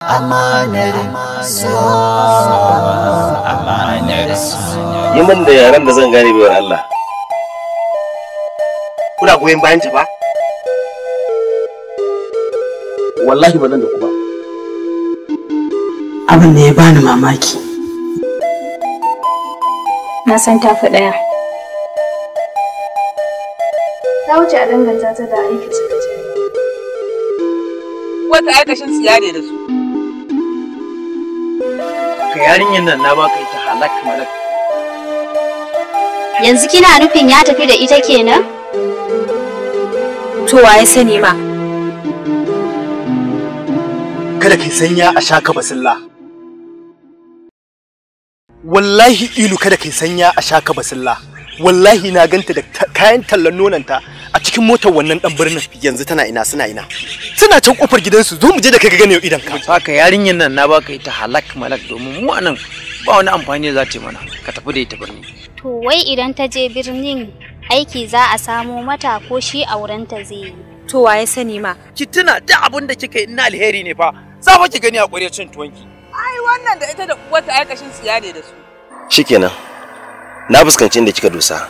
amanar so amanar so yi min da yaren da zan gane baiwar Allah kuna goyon bayan ta ba wallahi bazan da ku ba abin da ya bani mamaki na san ta fi daya ta wuce a danganta ta da aikace-aikace wata aikashin siya ne da su yarinyar nan na baka ita halak malak yanzu kina nufin ya tafi da ita kenan to waye sani ma kada ki sanya a shaka basilla wallahi ilu kada ki sanya a shaka basilla wallahi na ganta da kayan tallan nonanta cikin motar wannan dan birnin yanzu tana ina suna ina suna can kofar gidansu zo mu je da kai gane yau idan ka baka yarinyar nan na baka ita halak malak domin mu anan ba wani amfani za ta yi mana ka tafi da ita birni to wai idan ta je birnin aiki za a samo mata ko shi aurenta zai yi to waye sani ma ki tuna da abin da kika yi ina alheri ne fa za fa ki gani a ƙure cin tuwanki ai wannan da ita da uwarta aikashin tsiya ne da su shikenan na fuskanci inda kika dosa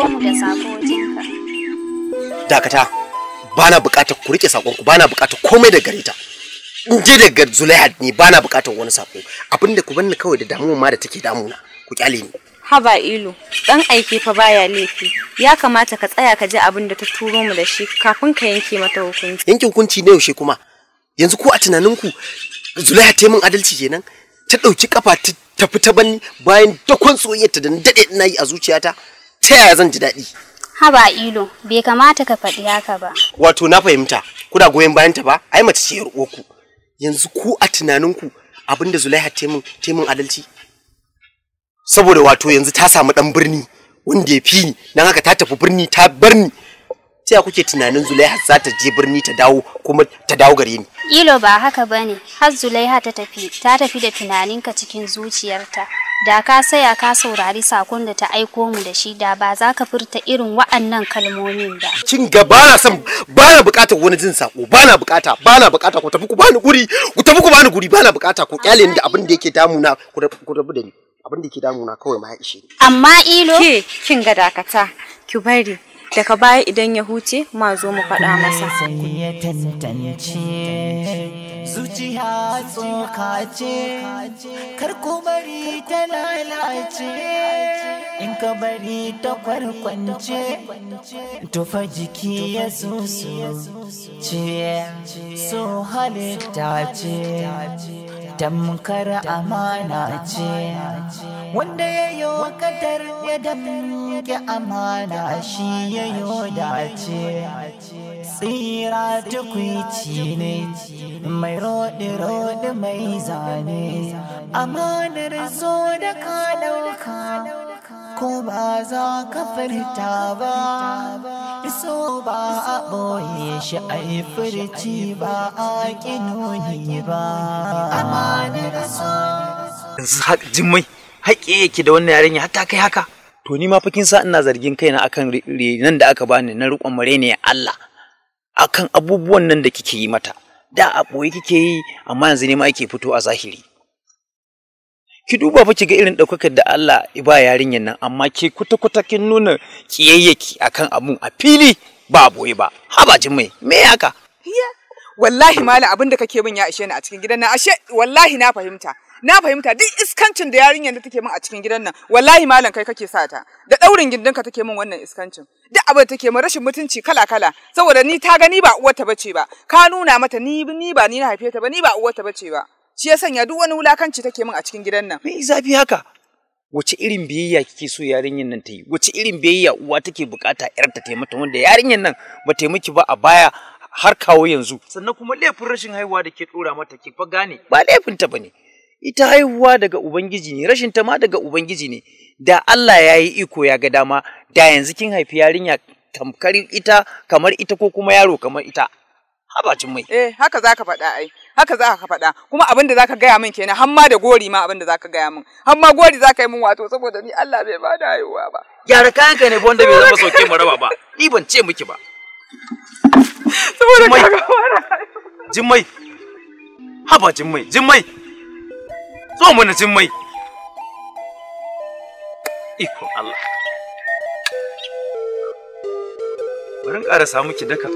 aiko da sako Dakata, bana bukatar ku rike sakonku, bana bukatar komai da gareta ta. In je daga Zulaihat ne bana bukatar wani sako. Abinda ku banni kawai da damuwa ma da take damuna, ku kyale ni. Haba ilu, dan aike fa baya laifi. Ya kamata ka tsaya ka ji abin da ta turo mu da shi kafin ka yanke mata hukunci. Yanke hukunci ne yaushe kuma? Yanzu ko a tunanin ku Zulaiha ta yi min adalci kenan? Ta ɗauki kafa ta tafi ta banni bayan dakon soyayyarta da na daɗe ina yi a zuciyata? ta yaya zan ji daɗi haba ilo bai kamata ka faɗi haka ba wato na fahimta kuna goyon bayanta ba ai mace ce yar yanzu ku a tunaninku abinda Zulaiha ta yi min adalci saboda wato yanzu ta samu dan birni wanda ya fi ni dan haka ta tafi birni ta bar ta kuke tunanin Zulaiha za ta je birni ta dawo kuma ta dawo gare ni ilo ba haka bane har Zulaiha ta tafi ta tafi da tunaninka cikin zuciyarta da ka saya ka saurari sakon da ta aiko mu da shi da ba za ka furta irin wa'annan kalmomin ba kin ga ba na san ba na bukatar wani jin sako ba na bukata ba na bukata ku tafi ku bani guri ku tafi ku bani guri ba na bukata ku kyale ni da abin da yake damuna ku rabu da ni abin da yake damuna kawai ma ya ishe ni amma ilo ke kin ga dakata ki bari daga baya idan ya huce ma zo mu faɗa masa ya tantance zuciya tsoka ce kar ku bari ta lalace in ka bari ta kwarkwance tufa jiki ya susu ce so halitta ce tamkar amana ce wanda ya yi wa kadar ya damke amana shi ya yi dace tsira tukwici ne mai roɗe-roɗe mai zane amanar zo da ka ɗauka ko ba za ka furta ba iso ba a boye shi a yi furci ba a ƙinoni ba amanar so yanzu jimmai haƙe yake da wannan yarinya hatta kai haka to ni ma fakin sa ina zargin kaina akan renan da aka bani na riƙon mare ne Allah akan abubuwan nan da kike yi mata da a ɓoye kike yi amma yanzu ne ma ake fito a zahiri ki duba fa ki ga irin daukakar da Allah ba yarinyar nan amma ke kuta kin nuna kiyayyaki akan abun a fili ba boye ba haba jin mai me haka wallahi mala abin da kake min ya ishe ni a cikin gidan nan ashe wallahi na fahimta na fahimta duk iskancin da yarinyar da take min a cikin gidan nan wallahi malam kai kake sa ta. da daurin ka take min wannan iskancin duk abin da take min rashin mutunci kala kala saboda ni ta gani ba uwarta bace ba ka nuna mata ni ni ba ni na haife ta ba ni ba uwarta bace ba shi ya sanya duk wani wulakanci take min a cikin gidan nan me zafi haka wace irin biyayya kike so yarinyar nan ta yi wace irin biyayya uwa take bukata yar ta taimata wanda yarinyar nan ba taimaki ba a baya har kawo yanzu sannan kuma laifin rashin haihuwa da ke dora mata ke fa gane ba laifin ta bane ita haihuwa daga ubangiji ne rashin ta ma daga ubangiji ne da Allah ya yi iko ya ga dama da yanzu kin haifi yarinya tamkar ita kamar ita ko kuma yaro kamar ita habacin mai eh haka ka faɗa ai haka za ka faɗa kuma abin da za ka gaya min kenan har ma da gori ma abin da za ka gaya min har ma gori ka yi min wato saboda ni Allah bai bada haihuwa ba gyara kayan ka ne ba wanda bai zama sauke mu raba ba ni ban ce miki ba saboda ka jimmai haba jimmai jimmai zo mana jimmai ikon Allah bari in ƙara samu ki daka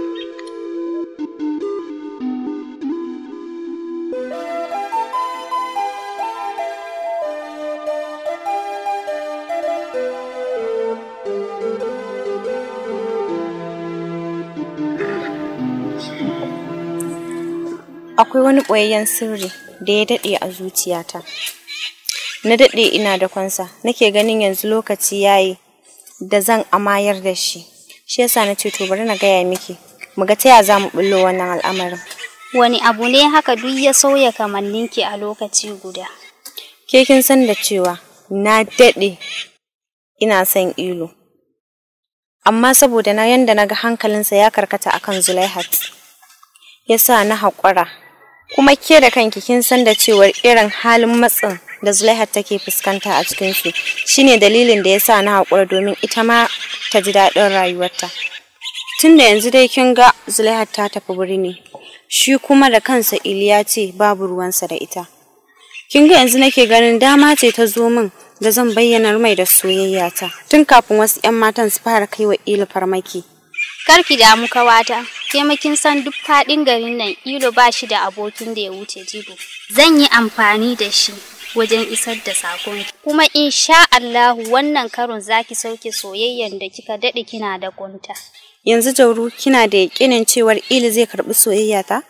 akwai wani ɓoyayyen sirri da ya daɗe a zuciyata na daɗe ina da kwansa nake ganin yanzu lokaci ya yi da zan amayar da shi shi yasa na ce to bari na gaya miki mu ga ta ya za mu bullo wannan al'amarin wani abu ne haka duk ya sauya kamanninki a lokaci guda ke kin san da cewa na daɗe ina son ilo amma saboda na yanda na ga hankalinsa ya karkata akan zulaihat yasa na haƙura kuma ke da kanki kin san da cewar irin halin matsin da Zulaihat take fuskanta a cikin su shine dalilin da yasa na haƙura domin ita ma ta ji daɗin rayuwarta tunda yanzu dai kin ga Zulaihat ta tafi birni shi kuma da kansa Iliya ce babu ruwansa da ita kin ga yanzu nake ganin dama ce ta zo min da zan bayyanar mai da soyayyata tun kafin wasu 'yan matan su fara kai wa farmaki Kar ki damu kawata, Taimakin san duk faɗin garin nan ilo ba shi da abokin da ya wuce jibo. Zan yi amfani da shi wajen isar da sakon kuma insha Allahu wannan karon zaki sauke soyayyar da kika dade kina da kunta. Yanzu Jauru kina da yakinin cewar ilo zai karbi soyayya ta?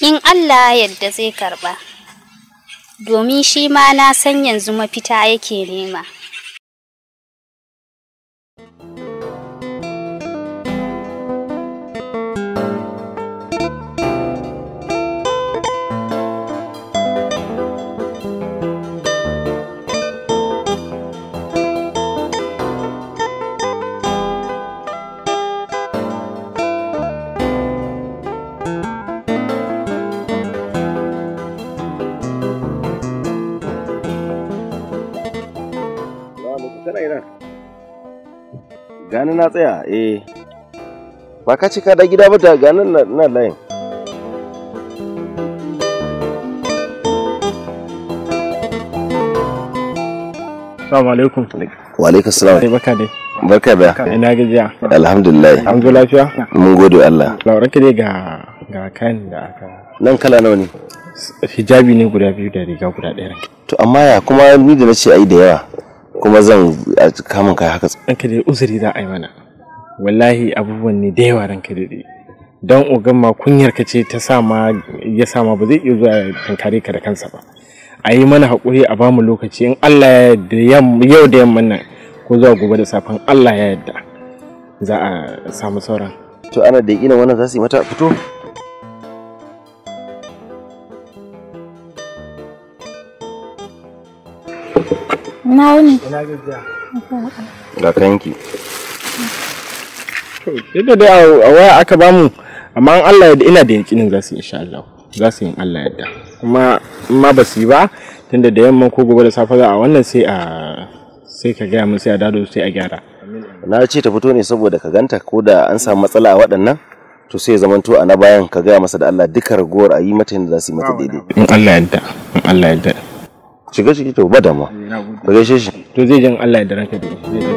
In Allah yadda zai karba. Domin shi ma na san yanzu mafita yake nema. iran gani na tsaya eh ba ka cika da gida ba da ganin na layin Assalamu alaikum. Wa alaikum salam. Eh, baka dai. Barka da. Ina gajiya. Alhamdulillah. Alhamdulillah lafiya? Mun gode Allah. Lauran ka dai ga ga kan da aka. Nan kala nawa ne? Hijabi ne guda biyu da riga guda ɗaya. To amma ya kuma ni da nace ai da yawa. kuma zan kamun kai haka ranka da uzuri za a yi mana wallahi abubuwan ne da yawa ranka da dai don ogan ma kunyar ka ce ta sama ya sama ba zai iya zuwa tankare ka da kansa ba a yi mana haƙuri a bamu lokaci in Allah ya yadda yau da yamma nan ko zuwa gobe da safen Allah ya yadda za a samu sauran to ana da ina wannan za su yi mata fito Na wuni. Ina gajiya. Ga kanki. Duk da dai a waya aka bamu amma an Allah yadda ina da yakinin za su yi insha Allah. Za su yi Allah yadda. Kuma in ma ba su yi ba tunda da yamma ko gobe da safe za a wannan sai a sai ka gaya min sai a dado sai a gyara. Na ce ta fito ne saboda ka ganta ko da an samu matsala a waɗannan to sai zamanto a na bayan ka gaya masa da Allah duka ragowar a yi mata yadda za su yi mata daidai. In Allah yadda. In Allah yadda. shiga ciki to ba damuwa. ba ga shi. To zai jan Allah ya daraka da shi.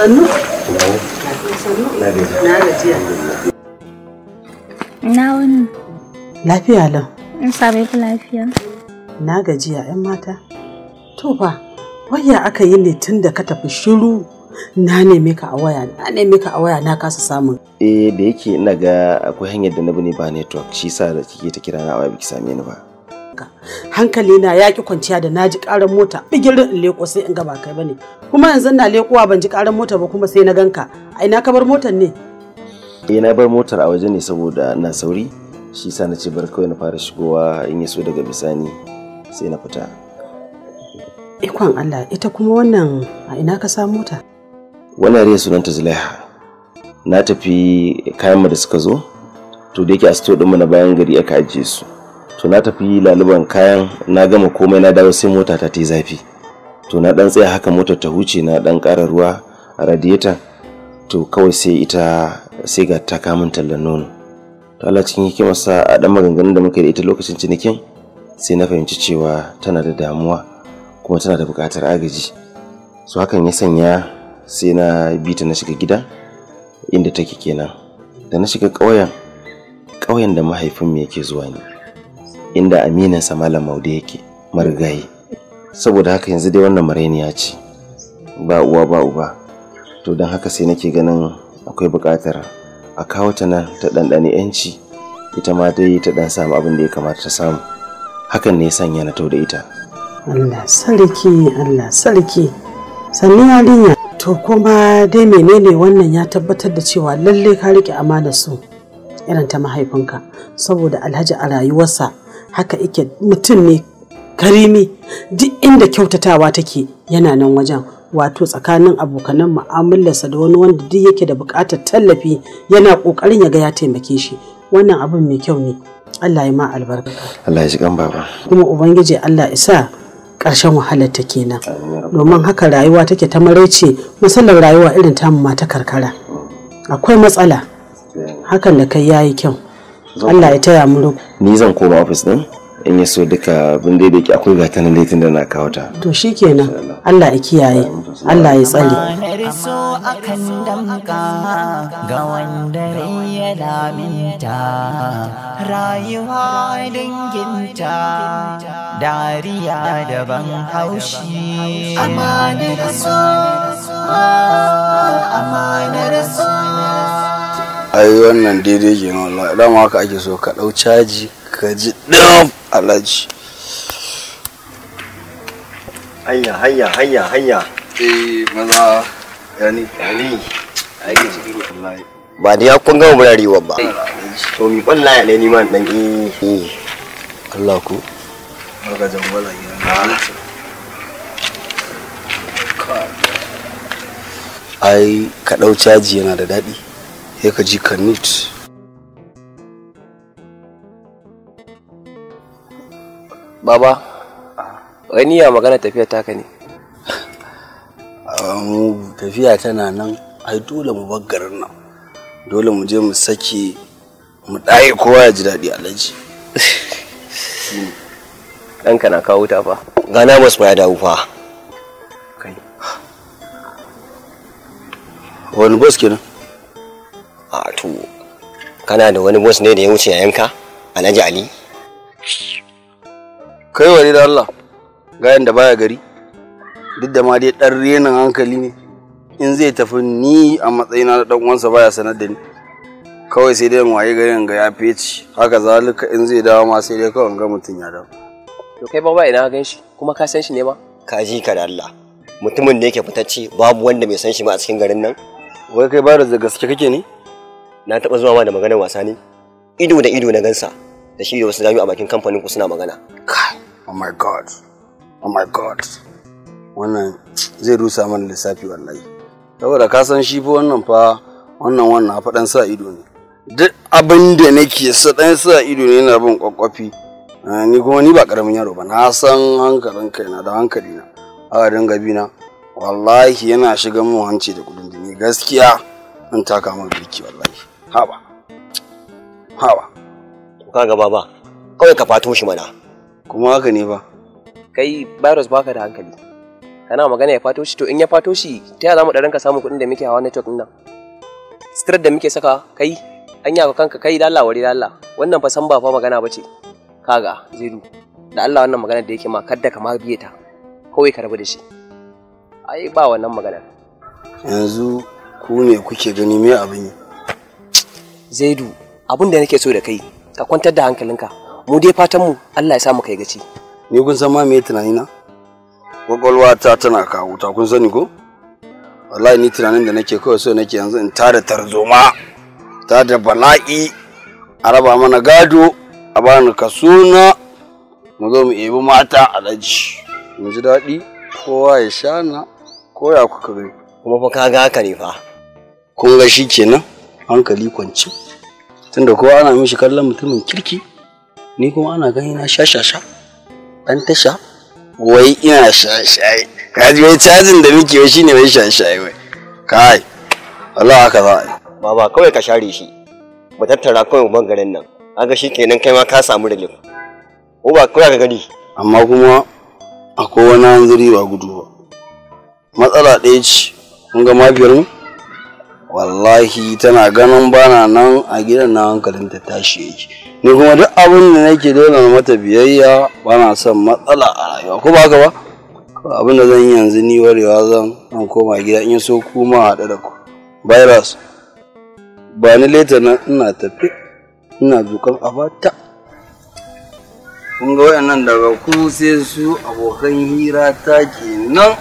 sannu na gajiya na wani lafiya lau in same ku lafiya na gajiya yan mata to ba, waya aka yi ne tun da ka tafi shiru na neme ka a waya na neme ka a waya na kasa samun eh da yake ina ga akwai hanyar da na bi ne ba network shi sa da kike ta kira na a waya biki same ni ba haka hankali na yaƙi kwanciya da naji ƙaran mota bigirin in leko sai in ga ba kai bane kuma yanzu na lekowa ban ji ƙaran mota ba kuma sai na ganka ai na ka bar motar ne eh na bar motar a waje ne saboda na sauri shi sa na ce bar kawai na fara shigowa in yi so daga bisani sai na fita ikon Allah ita kuma wannan a ina ka samu mota? wannan riya sunanta Zulaiha na tafi kayan da suka zo to da yake a sto ɗinmu na bayan gari aka ajiye su to na tafi laluban kayan na gama komai na dawo sai mota ta ta zafi to na dan tsaya haka motar ta huce na dan ƙara ruwa a radiator to kawai sai ita sai ga ta kamun tallan nono to Allah cikin sa a dan maganganun da muka da ita lokacin cinikin sai na fahimci cewa tana da damuwa kuma tana da buƙatar agaji so hakan ya sanya sai na bi ta na shiga gida inda take kenan da na shiga ƙauyen ƙauyen da mahaifinmu yake zuwa ne inda aminansa malam maude yake marigayi saboda haka yanzu dai wannan mareniya ce ba uwa ba uba to don haka sai nake ganin akwai buƙatar a kawo ta nan ta ɗanɗani yanci ita ma dai ta ɗan samu abin da ya kamata ta samu hakan ne sanya na tauda ita Allah sarki Allah sarki sannu yarinya to kuma dai menene wannan ya tabbatar da cewa lalle ka rike amana su irin ta mahaifinka saboda alhaji a rayuwarsa haka ike mutum ne karimi duk inda kyautatawa take yana nan wajen wato tsakanin abokanan mu'amalarsa da wani wanda duk yake da buƙatar tallafi yana ƙoƙarin ya ga ya taimake shi wannan abin mai kyau ne Allah ya ma albarka Allah ya ji kan baba kuma ubangiji Allah isa ƙarshen wahalar ta kenan domin haka rayuwa take ta maraice matsalar rayuwa irin tamu mata karkara akwai matsala hakan da kai yayi kyau Allah ya taya mu ni zan koma ofis din in ya so duka abin da yake akwai ga ta da na kawo ta to shikenan Allah ya kiyaye Allah ya tsare akan damka ga wanda ya laminta rayuwa danginta dariya daban haushi amanar so amanar so ai wannan daidai ke nan wallahi dama haka ake so ka dau caji ka ji dam alaji hayya hayya hayya hayya eh maza yani yani aiki cikin wallahi ba da ya kun gama burarewa ba to mi wallahi ne ni ma dan eh Allah ku barka da jangwala gidan ah. ai ka dau caji yana da dadi yaka ji kanit baba wani ya magana tafiya taka ne ah, tafiya tana nan ai dole mu bar garin nan dole mu je mu sake mu ɗaye kowa ya ji daɗi alhaji ɗanka na kawo ta fa gana masu ya dawo fa wani bus kenan wato kana da wani boss ne da ya wuce yayanka alhaji ali kai wani da allah gayan da baya gari duk da ma dai ɗan renin hankali ne in zai tafi ni a matsayina na ɗan uwansa baya sanar da ni kawai sai dai waye garin ga ya feci haka zalika in zai dawo ma sai dai kawai ga mutum ya dawo to kai ba idan ina gan shi kuma ka san shi ne ma ka ji ka da allah mutumin da yake fitacce babu wanda bai san shi ba a cikin garin nan wai kai ba da gaske kake ne na taɓa zuwa ma da maganar wasa ne ido da ido na gansa da shi da wasu gayu a bakin kamfanin ku suna magana kai oh my god oh my god wannan zai rusa mana lissafi wallahi saboda ka san shi fa wannan fa wannan wannan fa dan sa ido ne duk abin da nake sa dan sa ido ne yana bin kwakwafi eh, ni kuma ni ba karamin yaro ba na san hankalin kaina da hankalina a dinga bi na wallahi yana shiga mun hanci da kudin gaskiya an taka mun biki wallahi haba haba ka ga baba kawai ka fato shi mana kuma haka ne ba kai virus baka da hankali kana magana ya fato shi to in ya fato shi ta yaya zamu da ka samu kuɗin da muke hawa network din nan stress da muke saka kai an yaka kanka kai lalla wari lalla wannan fa san ba fa magana bace kaga zaidu da Allah wannan magana da yake ma kadda ka ma biye ta kawai ka rabu da shi ai ba wannan magana yanzu ku ne kuke gani me abin yi zaidu abun da nake so da kai ka kwantar da hankalinka mu dai fatan mu Allah ya sa mu kai gaci ni kun san ma me tunani na ta tana kawo ta kun sani ko wallahi ni tunanin da nake kawai so nake yanzu in da tarzoma tada bala'i a raba mana gado a bani kasuna mu zo mu ebi mata a alaji mu ji daɗi kowa ya shana ko ya kuka kuma fa kaga haka ne fa kun ga shi kenan hankali kwanci tunda kowa ana mishi kallon mutumin kirki ni kuma ana gani na shashasha dan tasha wai ina shashaye kaji wai cajin da muke wai shine wai shashaye wai kai Allah haka za a baba kawai ka share shi mu tattara kawai mu bangaren nan an ga shikenan kai ma ka samu relief ko ba kawai ka gani amma kuma akwai wani hanzari ba gudu ba matsala ɗaya ce kun ga mafiyar mu wallahi tana ganin bana nan a gidan na hankalin ta tashi yake ni kuma duk abin da nake dole na mata biyayya bana son matsala a rayuwa ko ba ka ba abin da zan yi yanzu ni warewa zan an koma gida in so kuma haɗu da ku virus ba ni leta na ina tafi ina dukan abata kun ga wayannan daga ku sai su abokan hira ta kenan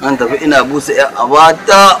an tafi ina busa 'yan abata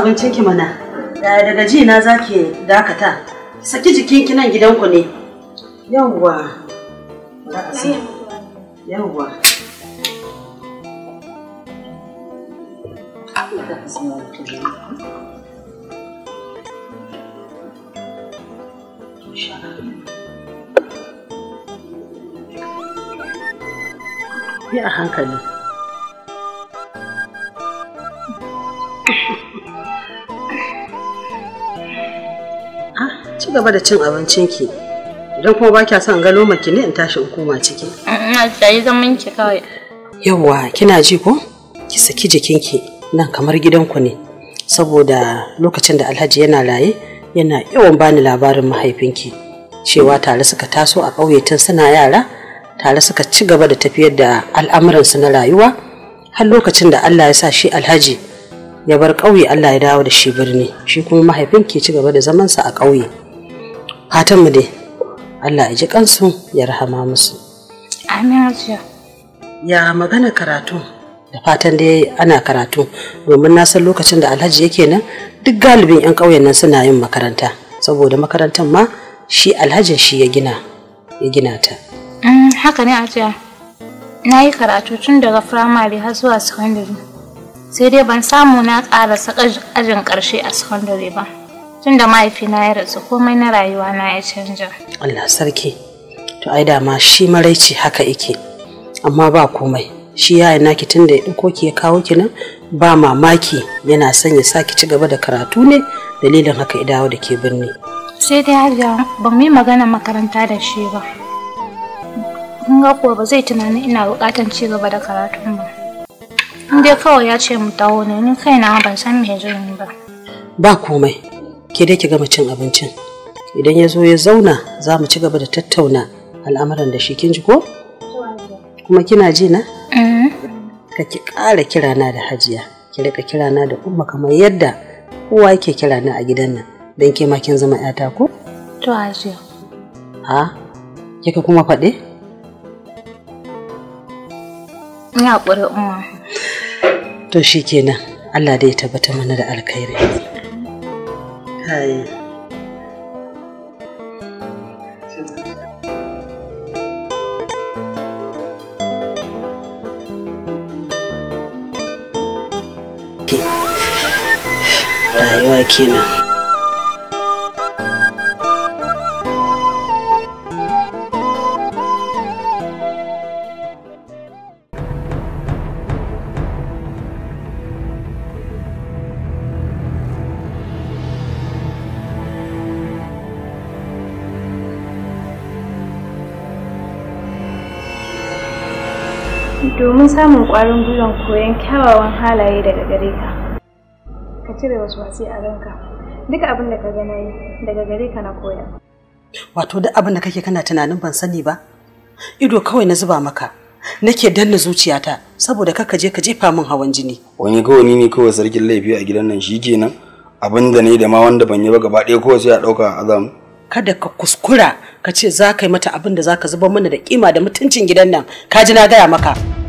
abincin ki mana. Yaya daga ji na zaki dakata. Saki jikin ki nan gidanku ne. Yawwa. Yawwa. a hankali. ci gaba da cin abincinki idan kuma ba kya son loma ki ne in tashi in koma ciki ina mm, tsayi mm, zaman ki kawai yawwa kina ji ko ki saki ki. nan kamar gidanku ne saboda lokacin da alhaji yana laye yana yawan bani labarin mahaifinki cewa tare suka taso a ƙauye tun suna yara tare suka ci gaba da tafiyar da al'amuransu na rayuwa har lokacin da Allah ya sa shi alhaji ya bar ƙauye Allah ya dawo da shi birni shi kuma mahaifin ke ci gaba da zamansa a ƙauye fatanmu dai Allah ya ji kansu ya rahama musu amin ya magana karatu da fatan dai ana karatu domin na san lokacin da alhaji yake nan duk galibin 'yan ƙauyen nan suna yin makaranta saboda makarantar ma shi alhajin shi ya gina ya gina ta mm, haka ne ajiya na yi karatu tun daga firamare har zuwa sakandare sai dai ban samu na ƙarasa ajin ƙarshe a sakandare ba tun da mahaifina ya rasu komai na rayuwa na ya canja Allah sarki to ai da ma shi maraici haka yake amma ba komai shi yana naki tun da ya ɗauko ki ya kawo ki nan ba mamaki yana son ya saki ci gaba da karatu ne dalilin haka ya dawo da ke birni sai dai hajiya ba mu yi magana makaranta da shi ba kun ga kuwa ba zai tunanin ina buƙatar ci gaba da karatu ba in dai kawai ya ce mu dawo ne ni kaina ban san me zan yi ba ba komai ke dai ki gama cin abincin idan ya zo ya zauna za mu ci gaba da tattauna al'amuran da shi kin ji ko kuma kina ji na eh. ka ki ƙara kirana da hajiya ki rika kirana da umma kamar yadda kowa ke kirana a gidan nan don ke ma kin zama yata ko to hajiya ha kika kuma faɗi? ina ƙure umma to shikenan Allah dai ya tabbata mana da alkhairi Hey. Rayuwa now. domin samun ƙwarin gwiwan koyon kyawawan halaye daga gare ka ka cire wasu wasi a ranka duk abin da ka ga yi daga gare ka na koya wato duk abin da kake kana tunanin ban sani ba ido kawai na zuba maka nake danna zuciyata saboda kaka je ka jefa min hawan jini wani kawai ne kawai sarkin laifi a gidan nan shi kenan abin da ne da ma wanda ban yi ba gaba ɗaya kawai sai a ɗauka azam kada ka kuskura ka ce za ka yi mata abin da za ka zuba mana da kima da mutuncin gidan nan ka ji na gaya maka.